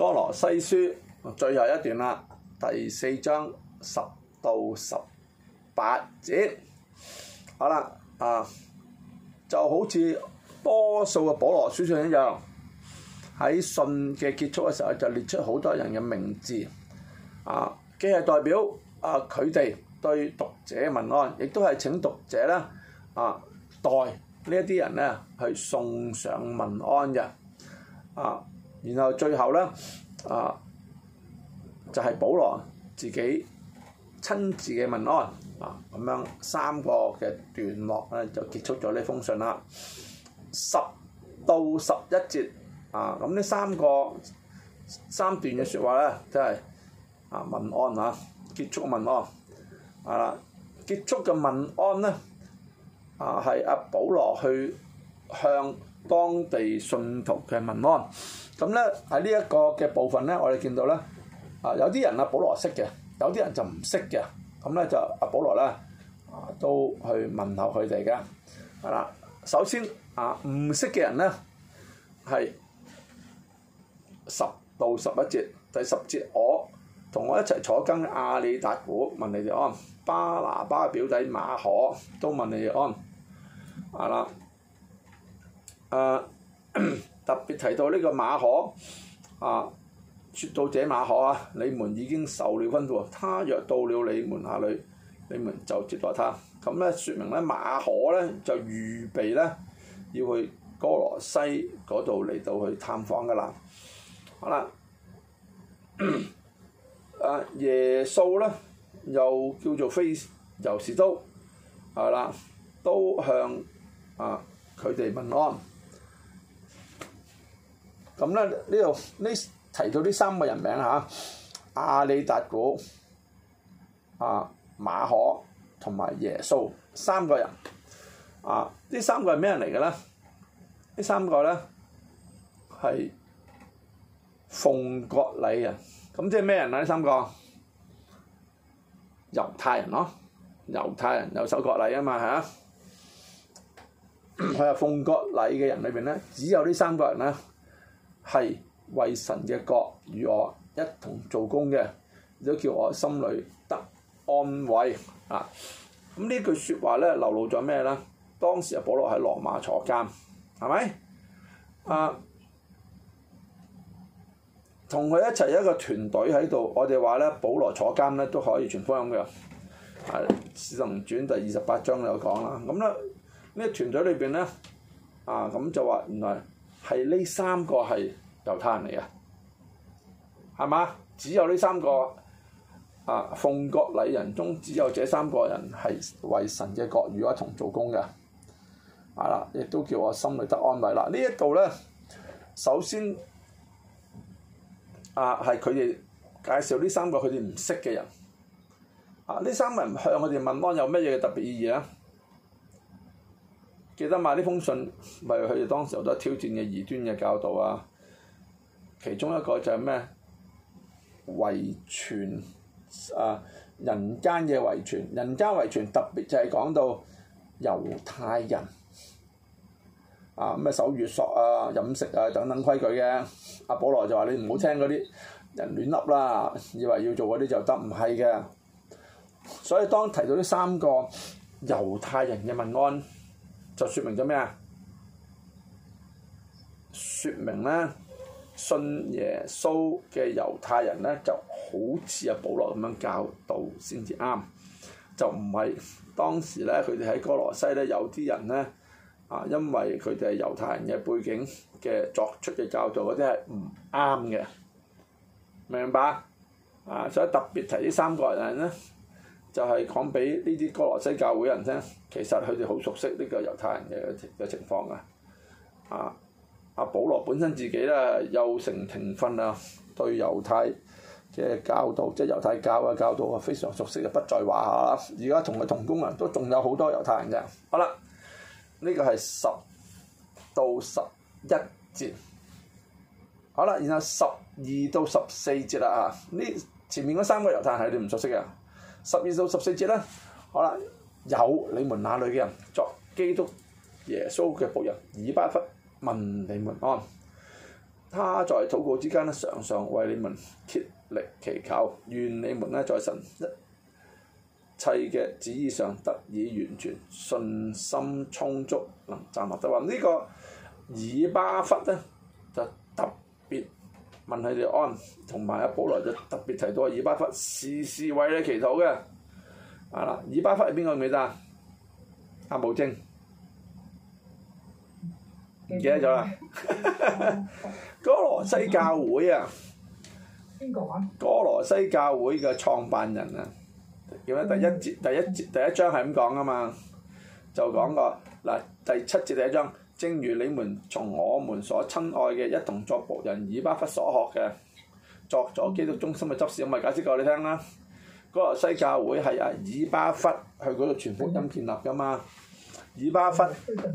歌羅西書最後一段啦，第四章十到十八節，好啦，啊，就好似多數嘅《保羅書信》一樣，喺信嘅結束嘅時候就列出好多人嘅名字，啊，既係代表啊佢哋對讀者問安，亦都係請讀者咧啊代呢一啲人咧去送上問安嘅，啊。然後最後咧，啊，就係、是、保羅自己親自嘅問安啊，咁樣三個嘅段落咧就結束咗呢封信啦。十到十一節啊，咁呢三個三段嘅説話咧，即係啊問安啊，結束問安係啦，結束嘅問安咧啊係阿、啊、保羅去向當地信徒嘅問安。咁咧喺呢一個嘅部分咧，我哋見到咧，啊有啲人阿保羅識嘅，有啲人就唔識嘅，咁咧就阿保羅咧，啊都去問候佢哋嘅，係啦。首先啊，唔識嘅人咧係十到十一節，第十節我同我一齊坐跟阿里達古問你哋安，巴拿巴嘅表弟馬可都問你哋安，係啦，誒。特別提到呢個馬可啊，説到這馬可啊，你們已經受了吩咐，他若到了你們那裏，你們就接待他。咁咧，説明咧馬可咧就預備咧要去哥羅西嗰度嚟到去探訪嘅啦。好啦， 啊耶穌咧又叫做飛猶士都，係啦，都向啊佢哋問安。咁咧呢度呢提到呢三個人名嚇，亞、啊、里達古啊馬可同埋耶穌三個人啊，呢三個係咩人嚟嘅咧？呢三個咧係奉割禮人，咁即係咩人啊？呢三個猶太人咯，猶太人又、哦、守割禮啊嘛嚇，佢話、啊、奉割禮嘅人裏邊咧，只有呢三個人啦。係為神嘅國與我一同做工嘅，都叫我心裏得安慰啊！咁呢句説話咧流露咗咩咧？當時阿保羅喺羅馬坐監，係咪？啊，同佢一齊一個團隊喺度，我哋話咧，保羅坐監咧都可以傳福音嘅。啊，《使徒行傳》第二十八章有講啦。咁咧呢個團隊裏邊咧，啊咁就話原來。係呢三個係猶太人嚟嘅，係嘛？只有呢三個啊，奉割禮人中只有這三個人係為神嘅國一同做工嘅，啊啦，亦都叫我心裏得安慰啦。呢一度咧，首先啊，係佢哋介紹呢三個佢哋唔識嘅人，啊，呢三個人向我哋問安有乜嘢特別意義啊？記得買呢封信，咪佢哋當時好多挑戰嘅異端嘅教導啊。其中一個就係咩遺傳啊，人間嘅遺傳，人間遺傳特別就係講到猶太人啊，咩守月朔啊、飲食啊等等規矩嘅。阿、啊、保羅就話你唔好聽嗰啲人亂笠啦，以為要做嗰啲就得，唔係嘅。所以當提到呢三個猶太人嘅問安。就説明咗咩啊？説明咧，信耶穌嘅猶太人咧，就好似阿保羅咁樣教導先至啱，就唔係當時咧，佢哋喺哥羅西咧，有啲人咧啊，因為佢哋係猶太人嘅背景嘅作出嘅教導嗰啲係唔啱嘅，明白啊？所以特別提呢三個人咧。就係講俾呢啲哥羅西教會人聽，其實佢哋好熟悉呢個猶太人嘅嘅情況噶。啊，阿、啊、保羅本身自己咧又成庭訓啊，對猶太嘅教導，即係猶太教嘅教導啊，非常熟悉，就不在話下啦。而家同佢同工人都仲有好多猶太人嘅。好啦，呢、這個係十到十一節。好啦，然後十二到十四節啦啊，呢前面嗰三個猶太人係你唔熟悉嘅。十二到十四節啦，好啦，有你們那裏嘅人作基督耶穌嘅僕人，以巴弗問你們安。他在禱告之間呢，常常為你們竭力祈求，願你們呢在神一切嘅旨意上得以完全，信心充足，能站立得穩。話呢、呢個以巴弗呢就。問佢哋安，同埋阿保羅就特別提到，阿以巴弗事事為你祈禱嘅、嗯，啊啦，以巴弗係邊個嚟噶？阿無精，唔記得咗啦。 哥羅西教會啊，邊個啊？哥羅西教會嘅創辦人啊，點咧？第一節、第一節、第一章係咁講噶嘛，就講個嗱第七節第一章。正如你們從我們所親愛嘅一同作僕人以巴弗所學嘅，作咗基督中心嘅執事，我咪解釋過你聽啦。哥羅西教會係阿以巴弗去嗰度傳福音建立㗎嘛？以巴弗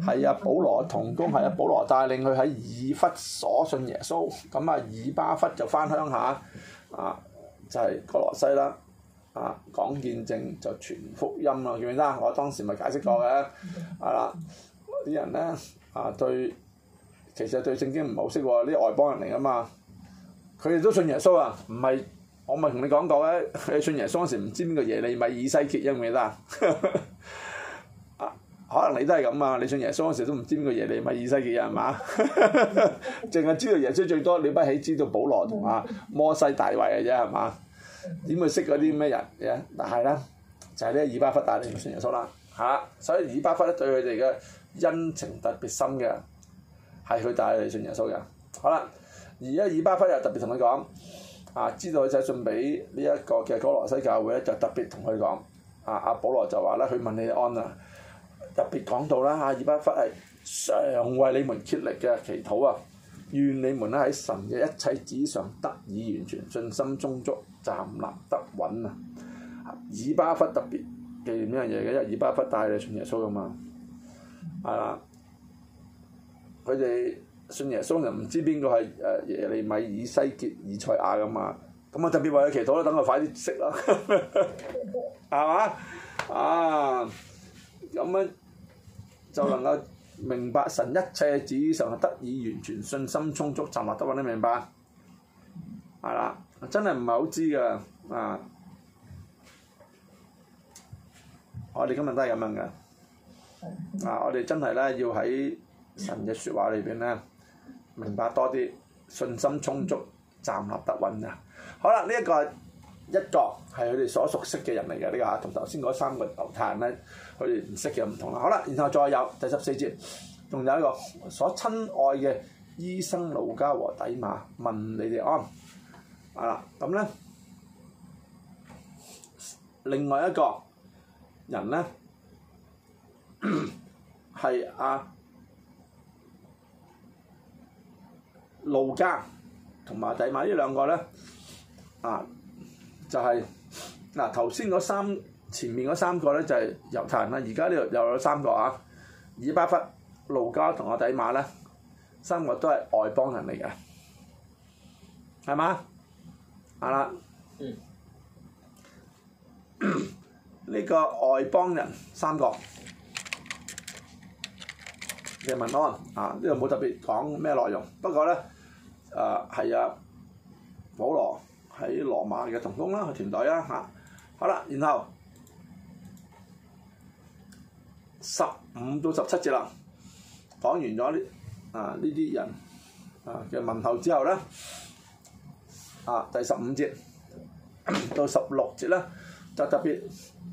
係阿保羅同工，係阿保羅帶領佢喺以弗所信耶穌，咁啊以巴弗就返鄉下，啊就係哥羅西啦。啊講見證就傳福音咯，記唔記得？我當時咪解釋過嘅，啊啦啲人咧～啊，對，其實對聖經唔好識喎，啲外邦人嚟噶嘛，佢哋都信耶穌啊，唔係我咪同你講過咧、啊，佢信耶穌嗰時唔知邊個耶利米以西結啊，唔記得 啊？可能你都係咁啊，你信耶穌嗰時都唔知邊個耶利米以西結啊，係嘛？淨 係知道耶穌最多，了不起知道保羅同啊摩西大衛嘅啫係嘛？點會識嗰啲咩人嘅？係、yeah, 但係啦。就係呢個，以巴弗帶你信耶穌啦，嚇、啊！所以以巴弗咧對佢哋嘅恩情特別深嘅，係佢帶佢哋信耶穌嘅。好、啊、啦，而家以巴弗又特別同佢講，啊，知道佢就信俾呢一個嘅哥羅西教會咧，就特別同佢講，啊，阿、啊、保羅就話咧，佢問你安啊，特別講到啦，嚇，以巴弗係常為你們竭力嘅祈禱啊，願你們咧喺神嘅一切旨上得以完全，信心充足，站立得穩啊！以巴弗特別記念呢樣嘢嘅，因為以巴弗帶你信耶穌啊嘛，係啦，佢哋信耶穌人唔知邊個係誒、耶利米、以西結、以賽亞噶嘛，咁啊特別為佢祈禱啦，等佢快啲識啦，係 嘛？啊，咁樣就能夠明白神一切旨意上得以完全，信心充足，站立得穩喎，你明白？係啦，真係唔係好知噶啊！我哋今日都係咁樣嘅，嗯、啊！我哋真係咧要喺神嘅説話裏邊咧，明白多啲，信心充足，站立得穩啊！好啦，呢、這個、一個一角係佢哋所熟悉嘅人嚟嘅，呢、這個同頭先嗰三個猶太人咧，佢哋唔識嘅唔同啦。好啦，然後再有第十四節，仲有一個所親愛嘅醫生路加和底馬問你哋安。啊、哦，咁咧，另外一個。人咧係啊，路加同埋底馬呢兩個咧啊，就係嗱頭先嗰三前面嗰三個咧就係、是、猶太人啦，而家呢度又有三個啊，以巴弗、路加同阿底馬咧，三個都係外邦人嚟嘅，係嘛？係啦、嗯。 呢個外邦人三個嘅問安，啊呢個冇特別講咩內容，不過咧，啊係啊，保羅喺羅馬嘅同工啦，佢團隊啦嚇，好啦，然後十五到十七節啦，講完咗、啊、呢，啊呢啲人啊嘅問候之後咧，啊第十五節到十六節咧就特別。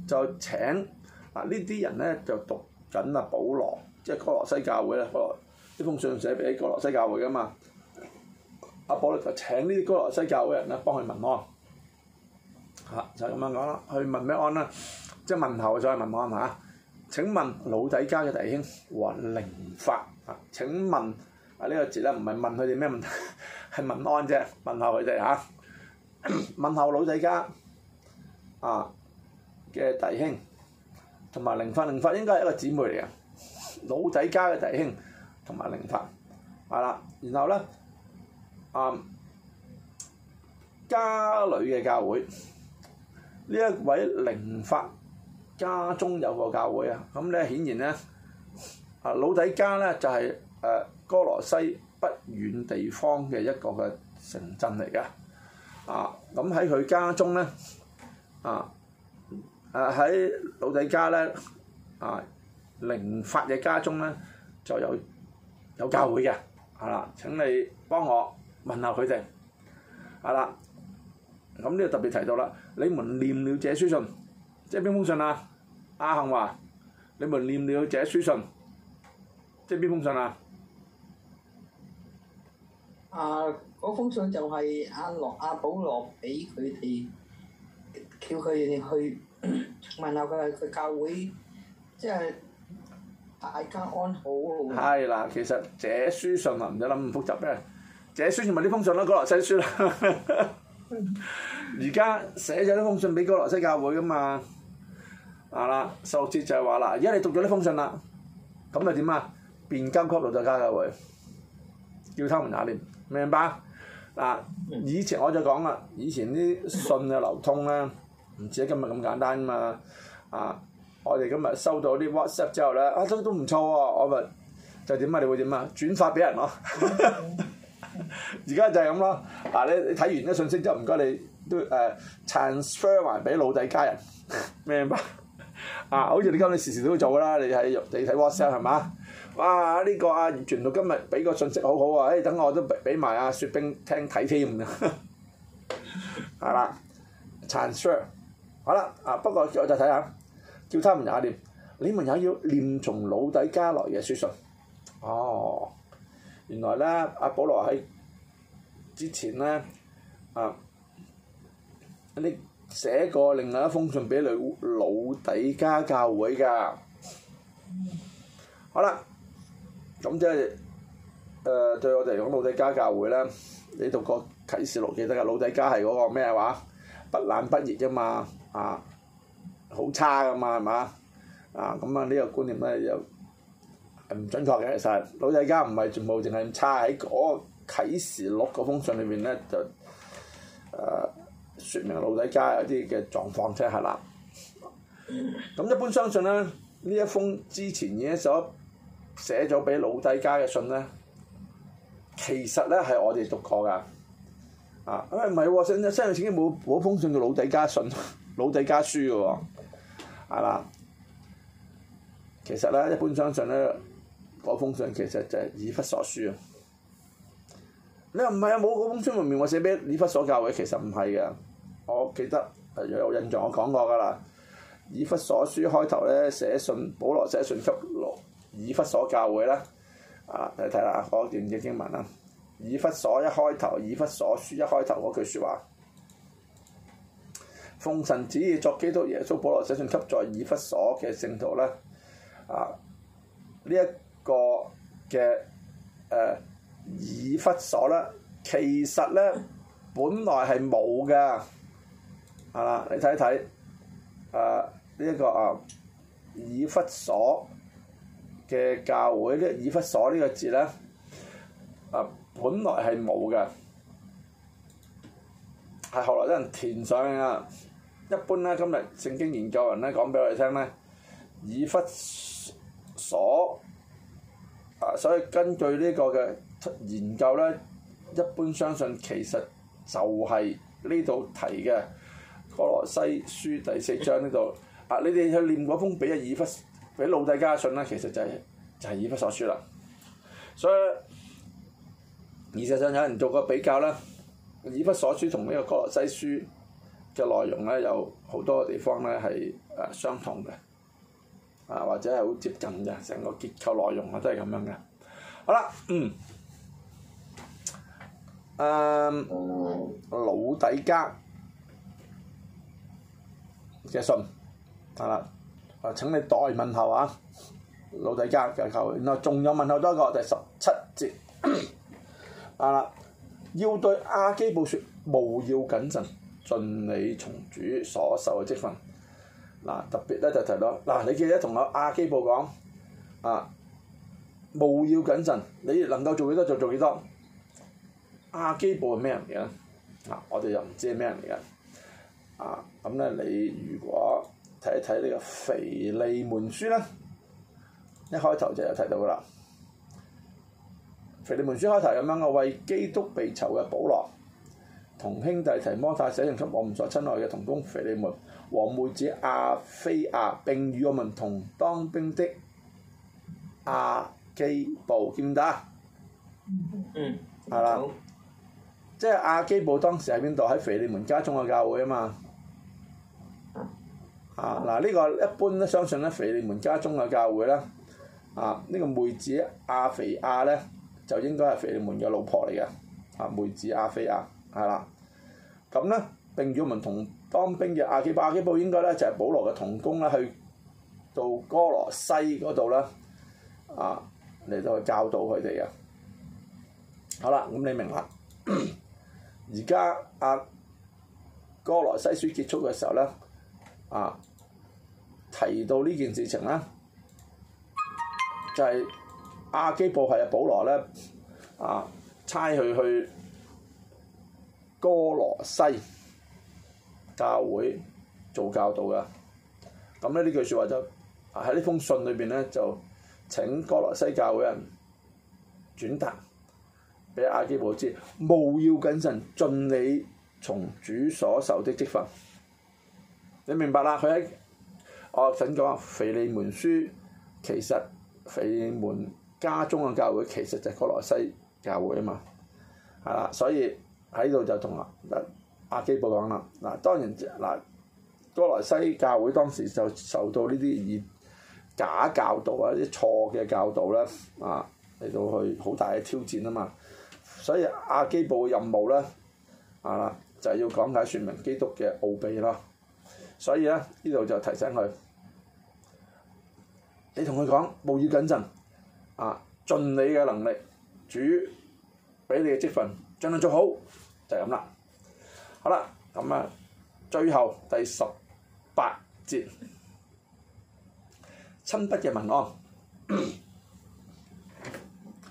就請啊呢啲人咧就讀緊阿保羅，即係哥羅西教會咧，保羅呢封信寫俾哥羅西教會嘅嘛。阿保羅就請呢啲哥羅西教會嘅人咧幫佢問安，嚇、啊、就係咁樣講啦。去問咩安啦？即係問候就係問安嚇、啊。請問老底嘉嘅弟兄和寧法啊。請問啊、這個、呢個節咧唔係問佢哋咩問題，係問安啫，問候佢哋嚇。問候老底嘉。啊！嘅弟兄，同埋靈法，靈法應該係一個姊妹嚟嘅，老仔家嘅弟兄同埋靈法，係啦。然後咧，啊、嗯，家裏嘅教會，呢一位靈法家中有個教會啊。咁、嗯、咧，顯然咧，啊老仔家咧就係、是、誒、呃、哥羅西北遠地方嘅一個嘅城鎮嚟嘅，啊咁喺佢家中咧，啊。嗯誒喺老弟家咧，啊，靈法嘅家中咧就有有教會嘅，係啦。請你幫我問候佢哋，係啦。咁呢度特別提到啦，你們念了這書信，即係邊封信啊？阿幸話：你們念了這書信，即係邊封信啊？啊，嗰封信就係阿羅阿保羅俾佢哋叫佢哋去。問下佢，佢教會即係大家安好咯。係啦，其實寫書信啊，唔使諗咁複雜啫。寫書信咪呢封信咯，哥羅西書啦。而家寫咗呢封信俾哥羅西教會噶嘛。係啦，十六節就係話啦，而家你讀咗呢封信啦，咁就點啊？便交給老底嘉教會，叫他們也念，明唔明白啊？以前我就講啦，以前啲信嘅流通咧。唔似喺今日咁簡單嘛啊嘛！啊，我哋今日收到啲 WhatsApp 之後咧，啊都唔錯喎、啊，我咪就點啊？你會點啊？轉發俾人、啊、 咯！而家就係咁咯。嗱，你你睇完啲信息之後，唔該你都誒、啊、transfer 還俾老弟家人，明 白、啊這個啊啊欸？啊，好似你今日時時都會做噶啦，你睇你睇 WhatsApp 係嘛？哇！呢個啊葉傳到今日俾個信息好好啊，誒等我都俾埋阿雪冰聽睇添，係啦，transfer。好啦，啊！不過叫我再睇下，叫他們也念，你們也要念從老底家來嘅書信。哦，原來咧，阿保羅喺之前咧，啊，你寫過另外一封信俾你老底家教會㗎。好啦，咁即係誒、呃、對我哋嚟講老底家教會啦。你讀過啟示錄記得㗎？老底家係嗰個咩話？不冷不熱啫嘛。啊，好差噶嘛，係嘛？啊，咁啊呢個觀念咧又係唔準確嘅。其實老底家唔係全部淨係差，喺嗰個啟示錄嗰封信裏面咧，就誒説、呃、明老底家有啲嘅狀況，即係啦。咁、就是、一般相信咧，呢一封之前嘢所寫咗俾老底家嘅信咧，其實咧係我哋讀過噶。啊！咁啊唔係喎，寫寫信前冇冇封信叫老底家信、老底家書嘅喎、啊，係、啊、嘛？其實咧，一般相信咧，嗰封信其實就係以弗所書啊。你又唔係啊？冇嗰封信明明話寫俾以弗所教會，其實唔係嘅。我記得、啊、有印象，我講過噶啦。以弗所書開頭咧，寫信，保羅寫信給羅以弗所教會啦。啊，睇睇啦，嗰段嘅經文啦、啊。以弗所一開頭，以弗所書一開頭嗰句説話，奉神旨意作基督耶穌保羅寫信給在以弗所嘅聖徒咧，啊，這個呃、呢一個嘅誒以弗所咧，其實咧本來係冇㗎，係啦，你睇睇，啊呢一個啊以弗所嘅教會呢，以弗所呢個字咧，啊。本來係冇嘅，係後來啲人填上去嘅。一般咧，今日聖經研究人咧講俾我哋聽咧，以弗所啊，所以根據呢個嘅研究咧，一般相信其實就係呢度提嘅《哥羅西書》第四章呢度。 啊，你哋去念嗰封俾啊以弗俾老底嘉信咧，其實就係、係、就係、係、以弗所書啦。所以。事實上，有人做過比較啦，《以弗所書》同呢個《哥羅西書》嘅內容咧，有好多地方咧係誒相同嘅，啊或者係好接近嘅，成個結構內容啊都係咁樣嘅。好啦，嗯，誒、啊、老底家嘅信，係啦，啊請你代問候啊老底家嘅求，然後仲有問候多一個，第十七節。 啊！要對阿基布說，務要謹慎，盡你從主所受嘅職分。」嗱，特別咧就提到，嗱，你記得同阿基布講，啊，務要謹慎，你能夠做幾多就做幾多。阿、啊、基布係咩人嚟啊？我哋又唔知係咩人嚟嘅。啊，咁咧你如果睇一睇呢個腓利門書咧，一開頭就有提到噶啦。腓利門書開頭咁樣，我為基督被囚嘅保羅，同兄弟提摩太寫信給我唔所親愛嘅同工腓利門，和妹子阿菲亞，並與我們同當兵的阿基布見唔得？嗯，係啦，即係亞基布當時喺邊度？喺腓利門家中嘅教會啊嘛，啊嗱，呢、這個一般都相信咧，腓利門家中嘅教會咧，啊呢、這個妹子阿非亞咧。就應該係腓利門嘅老婆嚟嘅，啊妹子亞腓亞係啦，咁咧並叫我們同當兵嘅亞基布，亞基布應該咧就係、是、保羅嘅同工咧去到歌羅西嗰度咧，啊嚟到教導佢哋嘅，好啦，咁你明啦。而家阿歌羅西書結束嘅時候咧，啊提到呢件事情啦，就係、是。阿基布係阿保羅咧，啊差佢去，去哥羅西教會做教導噶，咁咧呢句説話就喺呢、啊、封信裏邊咧就請哥羅西教會人轉達俾阿基布知，「務要謹慎，盡你從主所受的職分。」你明白啦？佢喺我頭先講腓利門書，其實腓利門。家中嘅教會其實就係哥羅西教會啊嘛，係啦，所以喺度就同阿阿基布講啦嗱。當然嗱，哥羅西教會當時就受到呢啲以假教導啊、啲錯嘅教導咧啊，嚟到去好大嘅挑戰啊嘛。所以阿基布嘅任務咧啊，就係要講解説明基督嘅奧秘咯。所以咧呢度就提醒佢，你同佢講，務要謹慎。啊！盡你嘅能力，主俾你嘅職分，盡量做好就係咁啦。好啦，咁、嗯、啊，最後第十八節，親筆嘅問安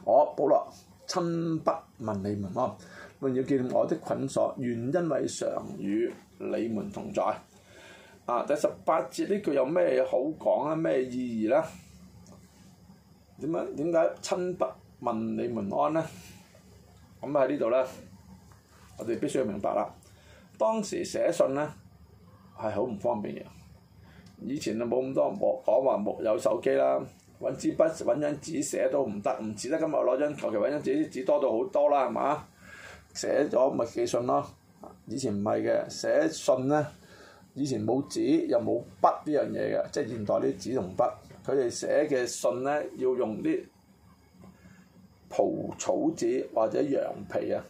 我保羅親筆問你們安。還要記念我的捆鎖，願恩惠常與你們同在。啊！第十八節呢句有咩好講啊？咩意義啦？點樣點解親筆問你們安咧？咁喺呢度咧，我哋必須要明白啦。當時寫信咧係好唔方便嘅。以前就冇咁多講話冇有手機啦，揾支筆揾張紙寫都唔得，唔似得今日攞張求其揾張紙，啲紙多到好多啦，係嘛？寫咗咪寄信咯。以前唔係嘅，寫信咧以前冇紙又冇筆呢樣嘢嘅，即係現代啲紙同筆。佢哋寫嘅信咧要用啲蒲草紙或者羊皮啊，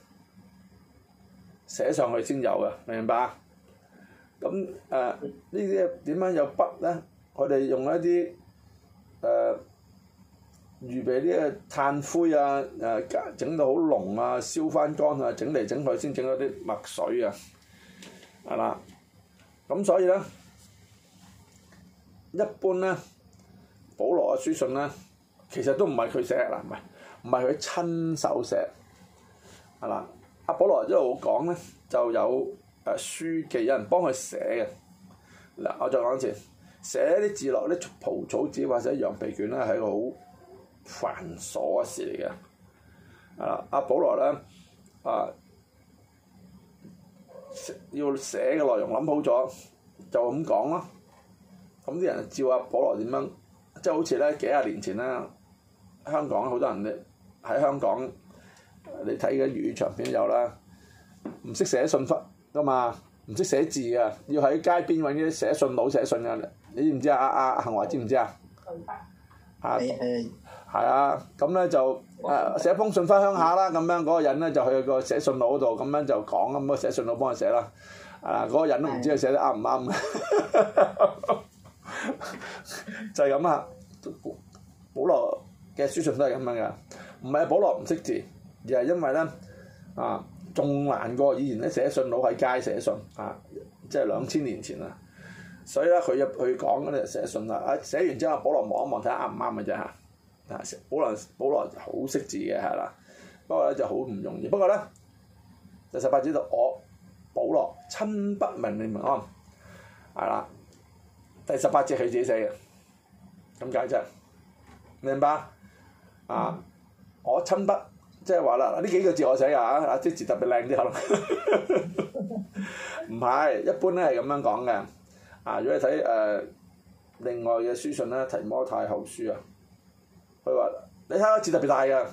寫上去先有嘅，明白？咁誒呢啲點樣有筆咧？佢哋用一啲誒、呃、預備啲嘅炭灰啊，誒、啊、整到好濃啊，燒返乾啊，整嚟整去先整到啲墨水啊，係啦。咁所以咧，一般咧。保羅嘅書信咧，其實都唔係佢寫嗱，唔係唔係佢親手寫，係、啊、啦。阿保羅一路講咧，就有誒書記有人幫佢寫嘅。嗱，我再講一次，寫啲字落啲蒲草紙或者羊皮卷咧，係一個好繁瑣嘅事嚟嘅。啊，阿保羅咧啊，要寫嘅內容諗好咗就咁講咯。咁啲人就照阿、啊、保羅點樣。即係好似咧幾廿年前咧，香港好多人咧喺香港，你睇而家粵語長片都有啦，唔識寫信封噶嘛，唔識寫字嘅，要喺街邊揾啲寫信佬寫信嘅。你知唔知啊？阿阿恆華知唔知啊？對白。係誒。啊，咁、啊、咧、啊嗯嗯啊、就誒、啊、寫封信翻鄉下啦，咁樣嗰個人咧就去個寫信佬度，咁樣就講咁啊，寫信佬幫佢寫啦。啊，嗰個人都唔知佢寫得啱唔啱。 就係咁啊！保羅嘅書信都係咁樣噶，唔係保羅唔識字，而係因為咧啊，仲難過以前咧寫信佬喺街寫信啊，即係兩千年前啊，所以咧佢佢講咧寫信啦，寫完之後保羅望一望睇下啱唔啱嘅啫嚇，啊保羅保羅好識字嘅係啦，不過咧就好唔容易。不過咧就十八節度我保羅親筆問你問安係啦。第十八節係自己寫嘅，咁解啫，明白啊？我親筆，即係話啦，呢幾個字我寫㗎嚇，即啲字特別靚啲可能唔係， 一般咧係咁樣講嘅。啊，如果你睇誒、呃、另外嘅書信咧，《提摩太後書》啊，佢話你睇下字特別大嘅，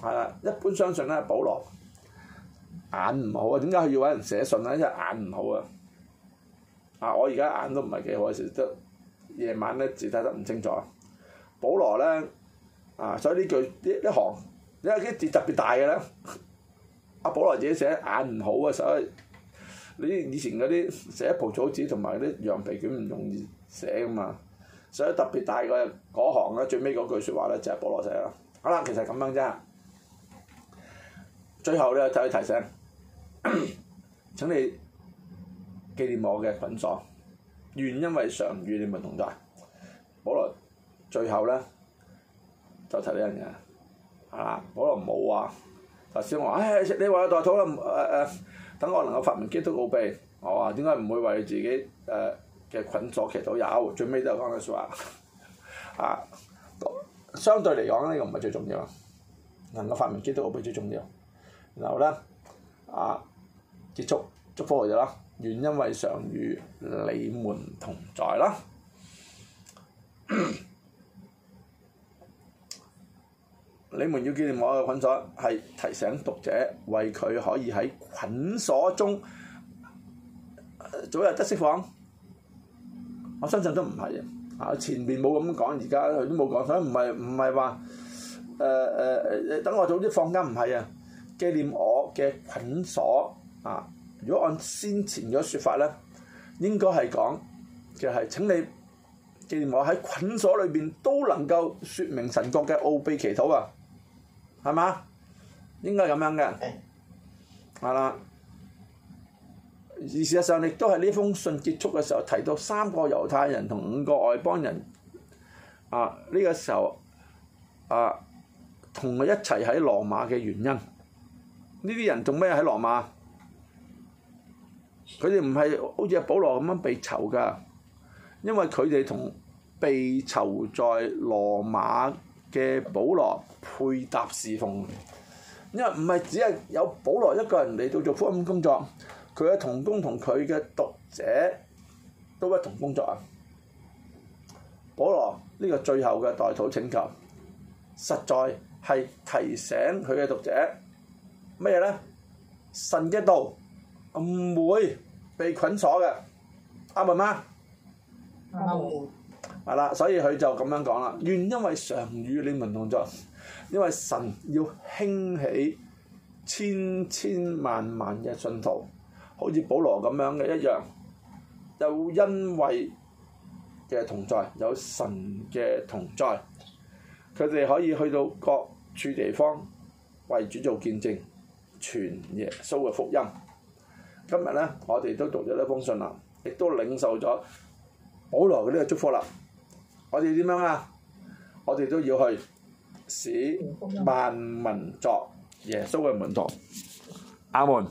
係啊，一般相信咧，保羅眼唔好啊，點解佢要揾人寫信咧？因為眼唔好啊。啊！我而家眼都唔係幾好，嘅日都夜晚咧，字睇得唔清楚。保羅咧，啊！所以呢句呢一行，因為啲字特別大嘅咧，阿、啊、保羅自己寫，眼唔好啊，所以你以前嗰啲寫蒲草紙同埋啲羊皮卷唔容易寫啊嘛，所以特別大嘅行咧，最尾嗰句説話咧就係、是、保羅寫啦。好啦，其實咁樣啫，最後咧再提醒， 請你。紀念我嘅捆鎖，願因為常與你們同在。保羅最後咧就提呢樣嘢。啊保羅冇話，頭先我唉、哎，你話代禍啦誒誒，等我能夠發明基督奧秘，我話點解唔會為自己誒嘅捆鎖祈禱？其實都有，最尾就講句説話，啊相對嚟講呢個唔係最重要，能夠發明基督奧秘最重要。然後咧啊結束祝福我哋啦。原因為常與你們同在啦！你們要紀念我嘅捆鎖，係提醒讀者為佢可以喺捆鎖中早日得釋放。我相信都唔係啊！啊，前面冇咁講，而家佢都冇講，所以唔係唔係話誒誒誒，等我早啲放假，唔係啊！紀念我嘅捆鎖啊！如果按先前嘅説法咧，應該係講，就係、是、請你既然我喺捆鎖裏邊都能夠説明神國嘅奧秘祈禱啊，係嘛？應該係咁樣嘅，係啦是、啊。而事實上，亦都係呢封信結束嘅時候提到三個猶太人同五個外邦人，啊呢、呢個時候，啊同佢一齊喺羅馬嘅原因，呢啲人做咩喺羅馬？佢哋唔係好似阿保羅咁樣被囚噶，因為佢哋同被囚在羅馬嘅保羅配搭侍奉，因為唔係只係有保羅一個人嚟到做福音工作，佢嘅同工同佢嘅讀者都一同工作啊。保羅呢、呢個最後嘅代禱請求，實在係提醒佢嘅讀者咩嘢咧？神嘅道。唔會被捆鎖嘅，啱唔啱？啱。係啦，所以佢就咁樣講啦。願恩惠常與你們同在，因為神要興起千千萬萬嘅信徒，好似保羅咁樣嘅一樣，有恩惠嘅同在，有神嘅同在，佢哋可以去到各處地方為主做見證，傳耶穌嘅福音。今日呢，我哋都讀咗呢封信啦，亦都領受咗保羅嘅呢個祝福啦。我哋點樣啊？我哋都要去使萬民作耶穌嘅門徒。阿門。